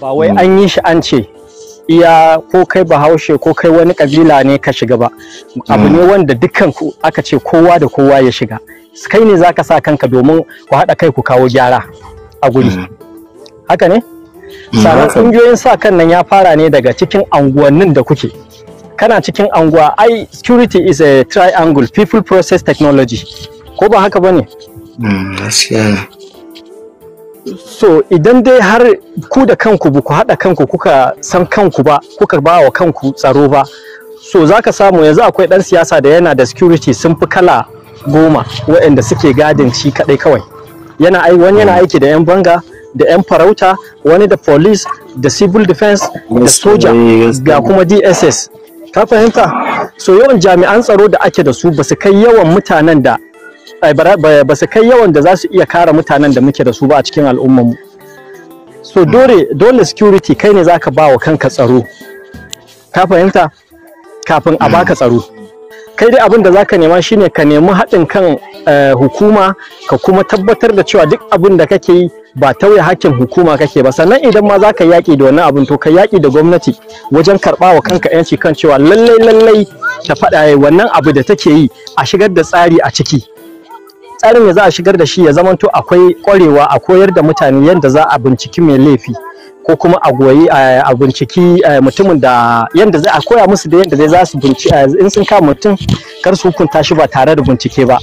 ba wai an yi shi an ce iya ko kai bahaushe ko kai wani kabila ne ka shiga ba abu ne mm. wanda dukkan ku aka ce kowa da kowa ya shiga kai ne zaka sa kanka domin ku haɗa kai ku kawo gyara a guri mm. haka ne mm, sannan ƙungiyoyin sa kan nan ya fara ne daga cikin anguwannin da kuke kana cikin anguwa ai security is a triangle people process technology ko ba haka bane gaskiya so idan dai har ku da kanku ba ku haɗa kanku kuka san kanku ba kuka ba wa kanku tsaro ba so za ka samu yanzu akwai ɗan siyasa da yana da security sun fi kala goma waɗanda suke gadin ci kaɗai kawai yana ai wani yana aiki da 'yan banga da 'yan farauta wani da police da civil defense da soja eh, ga eh. kuma dss ka fahimta so yawan jami'an tsaro da ake da su ba su kai yawan mutanen da ba su kai yawan da za su iya kara mutanen da muke da su ba a cikin al'ummanmu mu so hmm. dole dole security kai ne za ka ba wa kanka tsaro ka fahimta kafin a hmm. baka tsaro kai dai abin da za ka nema shine ka nemi haɗin kan eh, hukuma ka kuma tabbatar da cewa duk abin da kake yi ba tauye hakkin hukuma kake ba sannan idan ma za ka yaƙi da wannan abin to ka yaƙi da gwamnati wajen karɓa wa kanka yanci kan cewa lallai lallai ta faɗa wannan abu da take yi a shigar da tsari a ciki tsarin ya za a shigar da shi ya zamanto akwai ƙwarewa a koyar da mutane yadda za a binciki mai laifi ko kuma a goyi a binciki eh, mutumin da yadda za a koya musu da yadda za su binciki eh, in sun kama mutum kar su hukunta shi ba tare da bincike ba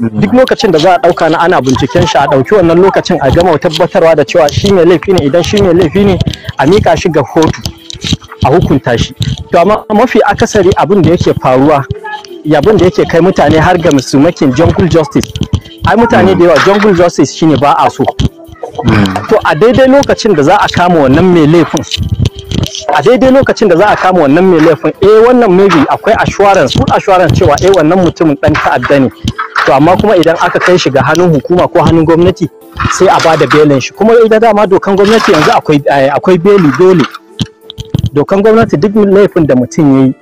duk lokacin da za a ɗauka na ana binciken shi a ɗauki wannan lokacin a gama tabbatarwa da cewa shi mai laifi ne idan shi mai laifi ne a mika shi ga kotu a hukunta shi to amma mafi akasari abin da yake faruwa yabon da yake kai mutane har ga musumakin jungle justice ai mutane da yawa jungle justice shine ba a so to a daidai lokacin da za a kama wannan mai laifin a daidai lokacin da za a kama wannan mai laifin eh wannan maybe akwai assurance su assurance cewa eh wannan mutumin dan ta'adda ne to amma kuma idan aka kai shi ga hannun hukuma ko hannun gwamnati sai a bada belin shi kuma idan dama dokan gwamnati yanzu akwai eh, akwai beli dole dokan gwamnati duk laifin da mutum yayi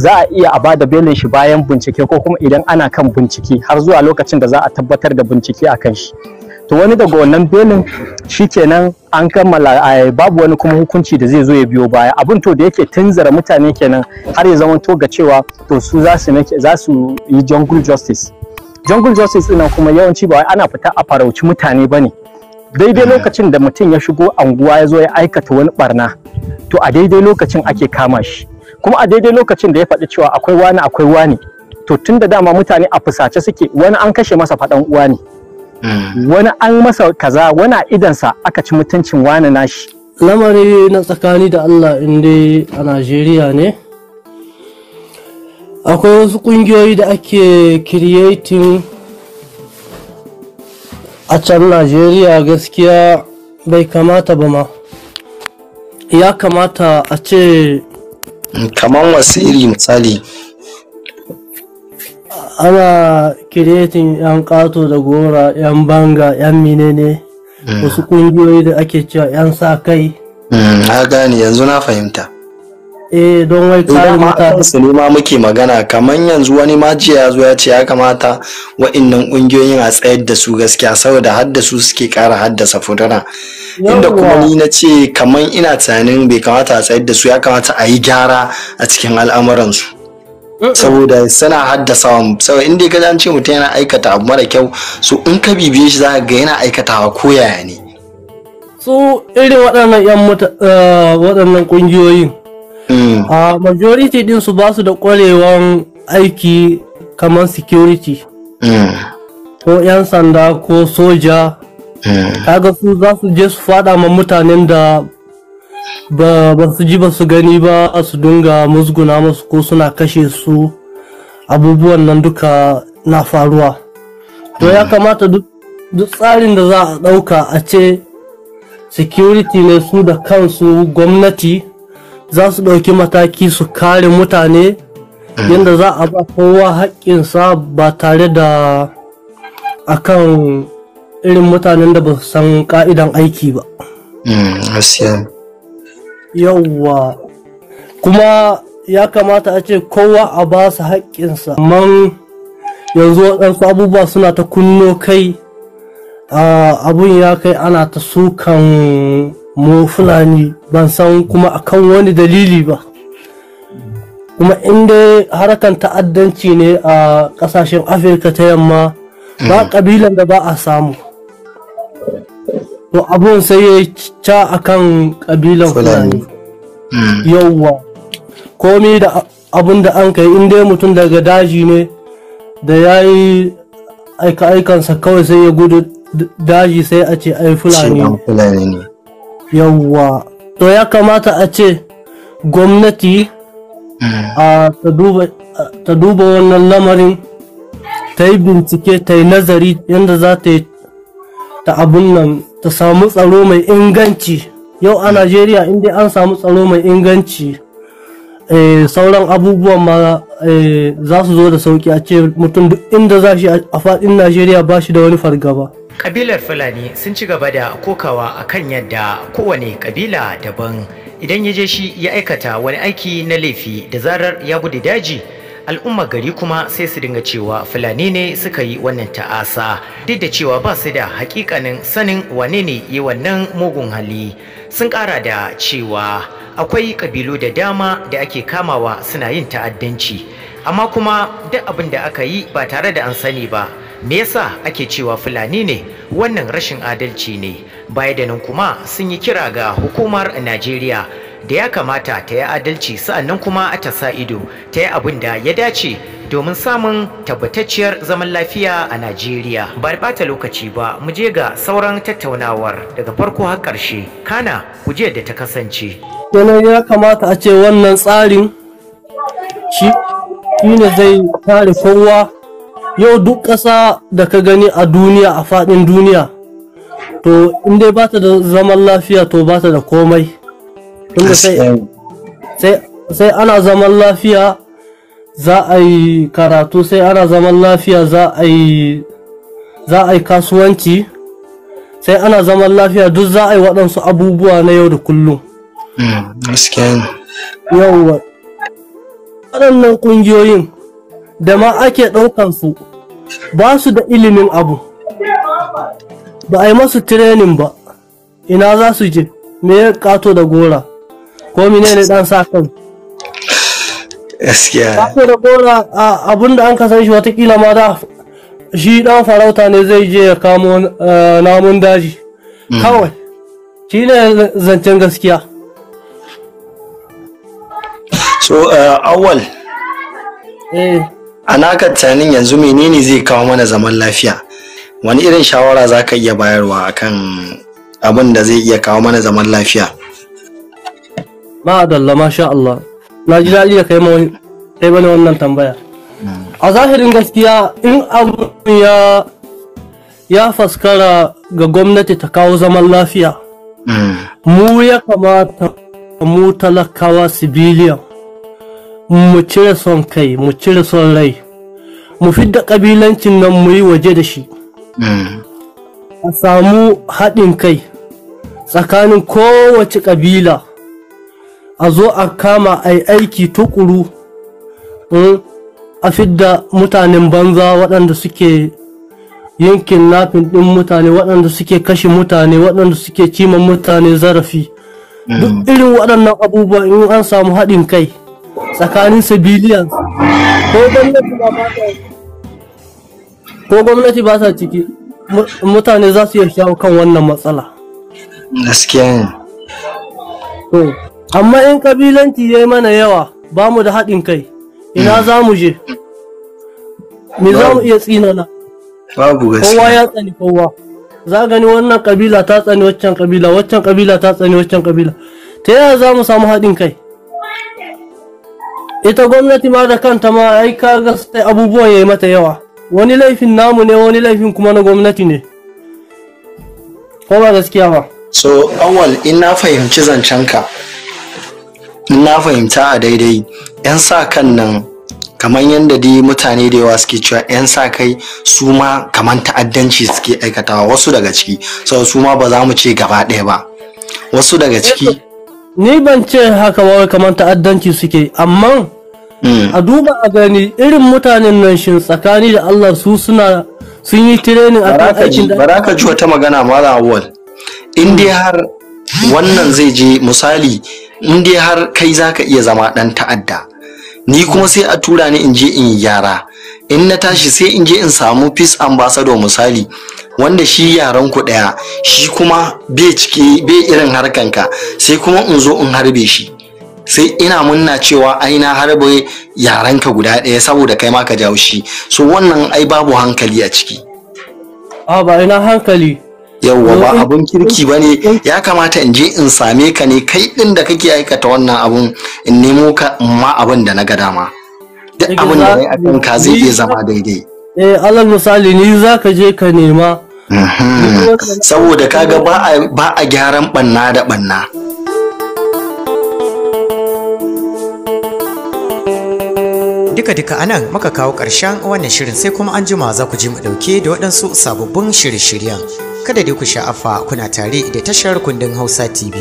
za a iya a bada belin shi bayan bincike ko kuma idan ana kan bincike har zuwa lokacin da za a tabbatar da bincike a kan shi to wani daga wannan belin shi kenan an kammala babu wani kuma hukunci da zai zo ya biyo baya abin to da yake tunzara mutane kenan har ya zama to ga cewa to su za su yi jungle justice jungle justice ina kuma yawanci ba ana fita a farauci mutane bane daidai eh. lokacin da mutum ya shigo anguwa ya zo ya aikata wani barna to a daidai lokacin ake kama shi kuma a daidai lokacin da ya faɗi cewa akwai wani akwai wani to tun da dama mutane a fusace suke wani an kashe masa faɗan uwa ne hmm. wani an masa kaza wani a idansa aka ci mutuncin wani nashi lamari na tsakani da allah in dai a najeriya ne akwai wasu kungiyoyi da ake creating a can najeriya gaskiya bai kamata ba ma ya kamata a ce kaman wasu iri misali ana kiretin yan kato da gora yan banga yan menene mm. wasu kungiyoyi da ake cewa yan sa kai mm, na gane yanzu na fahimta eh don wai mata su ne ma muke magana kaman yanzu wani ma jiya ya zo ya ce ya kamata wa'annan ƙungiyoyin a tsayar da su gaskiya saboda hadda su suke ƙara haddasa fituna inda kuma ni na ce kaman ina tunanin bai kamata a tsayar da su ya kamata a yi gyara a cikin al'amuransu saboda suna haddasa wa saboda inda ka an ce mutum yana aikata abu mara kyau su in ka bibiye shi za ga yana aikatawa ko yaya ne su irin waɗannan eh, ƙungiyoyin Mm. a ah, majority din su ba su da kwarewan aiki kamar security mm. ko 'yan sanda ko soja mm. kaga su za su je su fada ma mutanen da ba su ji ba su gani ba su dinga musguna masu ko suna kashe su abubuwan nan duka na faruwa to ya kamata duk tsarin da za a ɗauka a ce security ne su da kansu gwamnati za su ɗauki mataki su kare mutane yadda za a ba kowa haƙƙinsa ba tare da akan irin mutanen da ba su san ƙa'idan aiki ba. Mm, Yawwa kuma ya kamata a ce kowa a ba su haƙƙinsa man yanzu waɗansu abubuwa suna ta kunno kai ah, abun ya kai ana ta sukan mu fulani ban san kuma akan wani dalili ba kuma inda harakan ta'addanci ne a kasashen afirka ta yamma ba kabilan mm-hmm. da ba a samu to abun sai ya ca akan kabilan fulani mm. yauwa komi da abun da an kai inda mutum daga daji ne da ya yi aika-aikansa kawai sai ya gudu daji sai a ce ai fulani ne yawwa to ya kamata a ce gwamnati hmm. ta duba wannan lamarin ta yi bincike ta yi nazari yadda za ta yi ta abun nan ta samu tsaro mai inganci yau a najeriya inda an samu tsaro mai inganci eh, sauran abubuwan ma eh, za su zo da sauki a ce mutum duk inda za shi a faɗin najeriya ba shi da wani fargaba. kabilar fulani sun ci gaba da kokawa a kan yadda kowane kabila daban idan ya je shi ya aikata wani aiki na laifi da zarar ya gudu daji al'umma gari kuma sai su dinga cewa fulani ne suka yi wannan ta'asa duk da cewa ba su da hakikanin sanin wane ne yi wannan mugun hali sun kara da cewa akwai kabilu da dama da ake kamawa suna yin ta'addanci amma kuma duk abin da aka yi ba tare da an sani ba me yasa ake cewa fulani ne wannan rashin adalci ne baya da nan kuma sun yi kira ga hukumar najeriya da ya kamata ta yi adalci sa'annan kuma ta sa ido ta yi abin da ya dace domin samun tabbatacciyar zaman lafiya a Najeriya. Ba bata lokaci ba, mu je ga sauran tattaunawar daga farko har ƙarshe, kana kuje da ta kasance. Kenan ya kamata a ce wannan tsarin shi ne zai kare kowa yau duk ƙasa da ka gani a duniya a faɗin duniya to inda ba ta da zaman lafiya to ba ta da komai tunda sai ana zaman lafiya za a yi karatu sai ana zaman lafiya za a yi za a yi kasuwanci sai ana zaman lafiya duk za a yi waɗansu abubuwa na yau da kullum hmm, yawwa waɗannan ƙungiyoyin da ma ake ɗaukan su ba su da ilimin abu ba a yi masu tirenin ba ina za su je me ya kato da gora ko mine ne dan sa kan gaskiya kato da gora a da an kasan shi watakila ma da shi dan farauta ne zai je ya kamo eh, namun daji mm. kawai shi ne zancen gaskiya so awal eh a naka tunanin yanzu menene zai kawo mana zaman lafiya wani irin shawara za ka iya bayarwa akan abin da zai iya kawo mana zaman lafiya ma'adalla masha Allah na ji daɗi da kai kai bane wannan tambaya hmm. a zahirin gaskiya in abu ya ya faskara ga gwamnati ta kawo zaman lafiya hmm. mu ya kamata mu talakawa sibiliyan mu cire son kai mu cire son rai mu fidda ƙabilancin nan mu yi waje da shi eh. a samu haɗin kai tsakanin kowace ƙabila a zo a kama a yi aiki tukuru hmm, a fidda mutanen banza waɗanda suke yankin nafin ɗin mutane waɗanda suke kashe mutane waɗanda suke ciman mutane zarafi eh. duk irin waɗannan abubuwa in an samu haɗin kai tsakanin civilians ko gwamnati ba ko gwamnati ba sa ciki mutane za su iya shawo kan wannan matsala gaskiya ne amma in kabilanci ya yi mana yawa ba mu da haɗin kai ina hmm. za mu je me za mu iya tsinana babu gaskiya kowa ya tsani kowa za gani wannan kabila ta tsani waccan kabila waccan kabila ta tsani waccan kabila ta yaya za mu samu haɗin kai ita gwamnati ma da kanta ma ai ga sai abubuwan yayi mata yawa wani laifin namu ne wani laifin kuma na gwamnati ne ko ba gaskiya ba so awal in na fahimci zancenka in na fahimta a daidai yan sa kan nan kamar yadda dai mutane da yawa suke cewa 'yan sa kai su ma kamar ta'addanci suke aikatawa wasu daga ciki sau su ma ba za mu ce gaba ɗaya ba wasu daga ciki ni ban ce haka ba kamar ta'addanci suke amma Mm. a duba a gani irin mutanen nan shin tsakani da Allah su suna sun yi training a kan aikin da baraka ji wata magana mala awal in dai har wannan zai je misali in dai har kai zaka iya zama dan ta'adda ni kuma sai a tura ni in je in yi yara in na tashi sai in je in samu peace ambassador misali wanda shi yaran ku daya shi kuma bai cike bai irin harkanka sai kuma in zo in harbe shi sai ina munna cewa ai na harbe yaranka guda ɗaya saboda kai ma ka jawo shi so wannan ai babu hankali a ciki a ba ina hankali yawwa ba abun kirki ba ne ya kamata in je in same ka ne kai ɗin da kake aikata wannan abun in nemo ka ma abin da na ga dama duk abun da ya akan ka zai iya zama daidai eh alal misali ni za ka je ka nema mhm. saboda kaga ba a gyaran banna da banna duka-duka anan muka kawo ƙarshen wannan shirin sai kuma an jima za ku ji mu ɗauke da waɗansu sababbin shirye-shiryen. Kada dai ku sha'afa kuna tare da tashar kundin Hausa TV.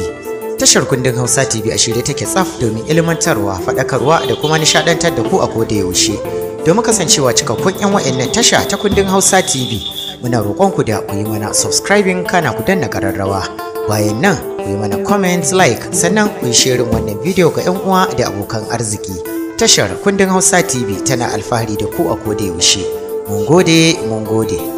Tashar kundin Hausa TV a shirye take tsaf domin ilmantarwa, faɗakarwa da kuma nishaɗantar da ku a koda yaushe. Domin kasancewa cikakkun 'yan wa'annan tasha ta kundin Hausa TV, muna roƙon ku da ku yi mana subscribing kana ku danna ƙararrawa. bayan nan ku yi mana comment like sannan ku yi shirin wannan bidiyo ga 'yan uwa da abokan arziki tashar kundin Hausa TV tana alfahari da ku a koda yaushe. Mun gode, mun gode.